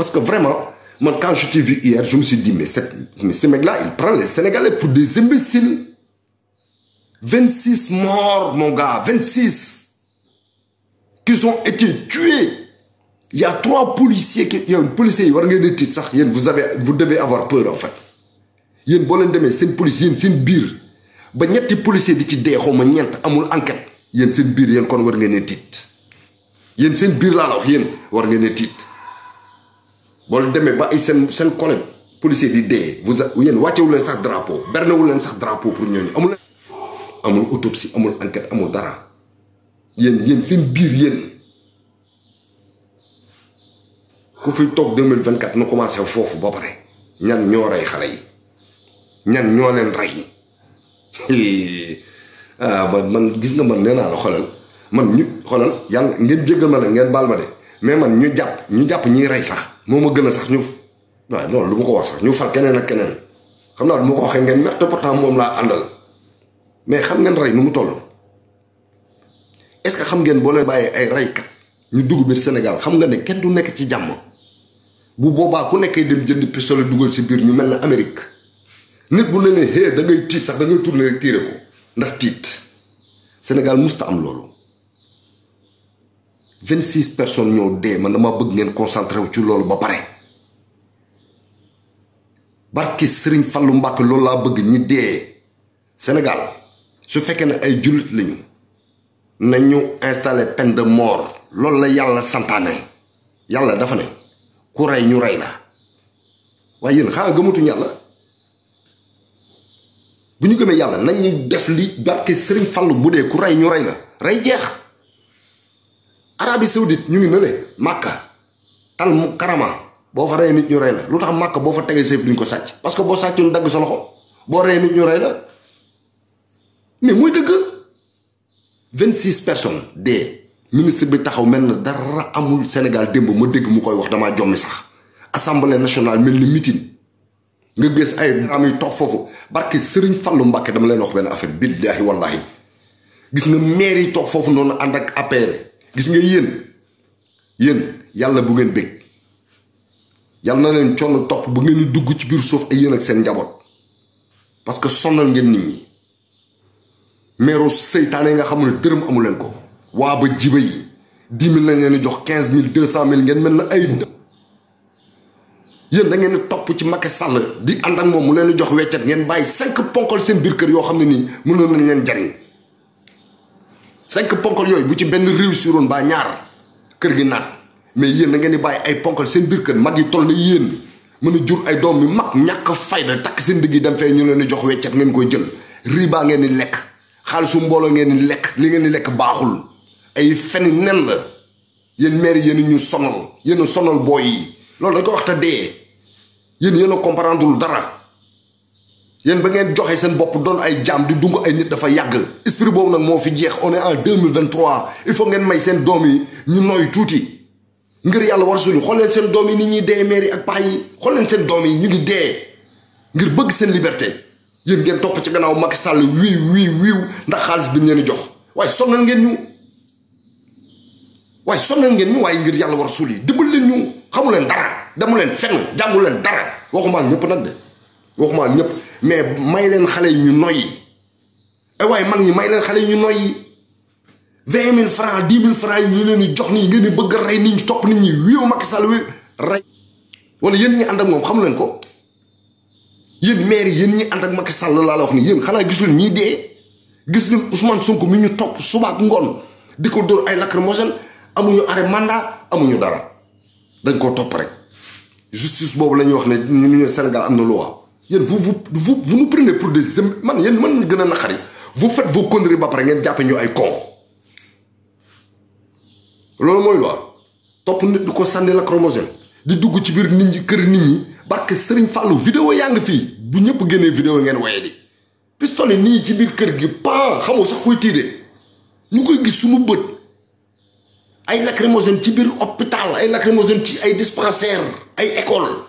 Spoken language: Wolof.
Parce que vraiment, quand je t'ai vu hier, je me suis dit, mais, ce mec-là, il prend les Sénégalais pour des imbéciles. 26 morts, mon gars, 26 qui ont été tués. Il y a trois policiers, qui, il y a un policier, vous, devez avoir peur en fait. Il y a une c'est une police, c'est une bire. ba ñetti policier di ci dee xaw ma ñeent amul enquête yéen une biir yéen kon war ngeen a tiit yéen seen biir laa la wax yéen war ngeen ne bool demee ba ay seen seen collègue policier di dee vous yéen wàccewu leen sax drapeau bernewu leen sax drapeau pour ñooñu amul amul autopsie amul enquête amul dara yéen yéen seen biir yéen ku fi toog 2024 na commencé foofu ba pare ñan ñoo rey xale yi ñan ñoo leen rey ah man man gis nga man nee la xoolal man ñu xoolal yàlla ngeen jéggal ma ngeen baal de mais man ñu jàpp ñu jàpp ñiy rey sax moo ma gën a sax ñu waaye loolu lu ma ko wax sax ñu far keneen ak keneen xam naa du ma ko waxee ngeen mer te pourtant moom laa la mais xam ngeen rey nu mu toll est-ce que xam ngeen boo leen bàyyee ay reykat ñu dugg biir Sénégal xam nga ne kenn du nekk ci jàmm bu boobaa ku nekkee dem jënd pistolet dugal si biir ñu mel ne Amérique nit bu ne ne hee da ngay tiit sax da ngay tourner tiire ko ndax tiit Sénégal musta am loolu. 26 personnes ñoo dé man dama bëgg ngeen concentré wu ci loolu ba paré barki Serigne fallu Mbacke loolu la bëgg ñi dé Sénégal su fekkee ne ay jullit lañu nañu installé peine de mort loolu la yàlla santaane yàlla dafa ne ku rey ñu rey la waaye yéen xanaa gëmatuñu yàlla bu ñu gëmee yàlla nañu def li barki Serigne fallu bu dee ku rey ñu rey la rey jeex. Arabie Saoudite ñu ngi nële Makka al mukarama boo fa rey nit ñu rey la lu tax Makka boo fa tegee seef duñ ko sàcc parce que boo sàccul dagg sa loxo boo rey nit ñu rey la mais muy dëgg 26 personnes dee ministre bi taxaw mel na dara amul Sénégal démb ma dégg mu koy wax dama jommi sax assemblée nationale mel ni meeting nga gis ay drame yi toog foofu barke Serigne Fallou Mbacke dama leen wax benn affaire billahi wallahi gis nga maire yi toog foofu noonu ànd ak gis nga yeen yeen yalla bu ngeen bég yalla na len conn top bu ngeen dugg ci bir suuf ay yeen ak seen njabot parce que sonal ngeen nit ñi meeru seytane nga xam deureum dërëm amu leen ko wa ba jibe yi 10000 mille lañ leen jox 15000 200000 ngeen melna ay yeen da ngeen top ci Macky Sall di and ak mom mu leen jox wéccat ngeen bay 5 ponkol seen bir kër yo xam ni nii mënoon nañ leen jariñ cinq ponkal yoy bu ci benn réussir woon baa ñaar kër gi nat mais yeen na ngeen di bàyyi ay ponkal seen biir kër mag yi toll na yeen mën a jur ay doom yu mag ñàkk fayda takk seen digg yi dem fee ñu leen di jox weccet ngeen koy jël riba ngeen di lekk xaalisu mbolo ngeen di lekk li ngeen di lekk baaxul ay feni nen la yéen maire yéen ñu sonal yéen sonal boy yi loolu da ko wax te dee yéen yéen a comprendre dara yéen ba ngeen joxe seen bopp doon ay jaam di dungu ay nit dafa yàgg esprit boobu nag moo fi jeex on est en deux mille vingt trois il faut ngeen may seen doom yi ñu nooy tuuti ngir yàlla war suñu xool leen seen doom yi ni ñuy dee maire ak pax yi xool leen seen doom yi ñu ngi dee ngir bëgg seen liberté yéen ngeen topp ci gannaaw Macky Sall wii wii wiiw ndax xaalis bi ngeen jox waaye sonnal ngeen ñu waaye sonnal ngeen ñu waaye ngir yàlla war suul yi dimbal leen ñu xamu leen dara demu leen fenn jàngu leen dara waxumaa ñëpp nag de waxumaa ñëpp mais may leen xale yi ñu noyyi ay eh waaye mag ñi may leen xale yi ñu noyyi vingt mille francs dix mille francs yi ñu leen di jox nii ngeen di bëgg rey nit ñu topp nit ñi wéew Macky Sall wéew rey wala yéen ñi ànd ak moom xam leen ko yéen maire yi yéen ñi ànd ak Macky Sall laa la wax nii yéen xanaa gisul ñii dee gis nañ Ousmane sunk mi ñu topp subaak ngoon di ko dóor ay lacrymogène amuñu arrêt mandat amuñu dara dañ koo topp rek justice boobu la ñuy wax ne ñu ne am na loi vous vous vous vous nous prenez pour des man yen, man ñu vous faites vos conneries ba pare ngeen jàppe ñu ay de nit du ko de la chromosome di dugg ci bir nit ñi kër nit ñi barke Serigne vidéo bu ñepp gëné vidéo ngeen di ci gi sax koy ñu koy gis ay ci hôpital ay dispensaire ay école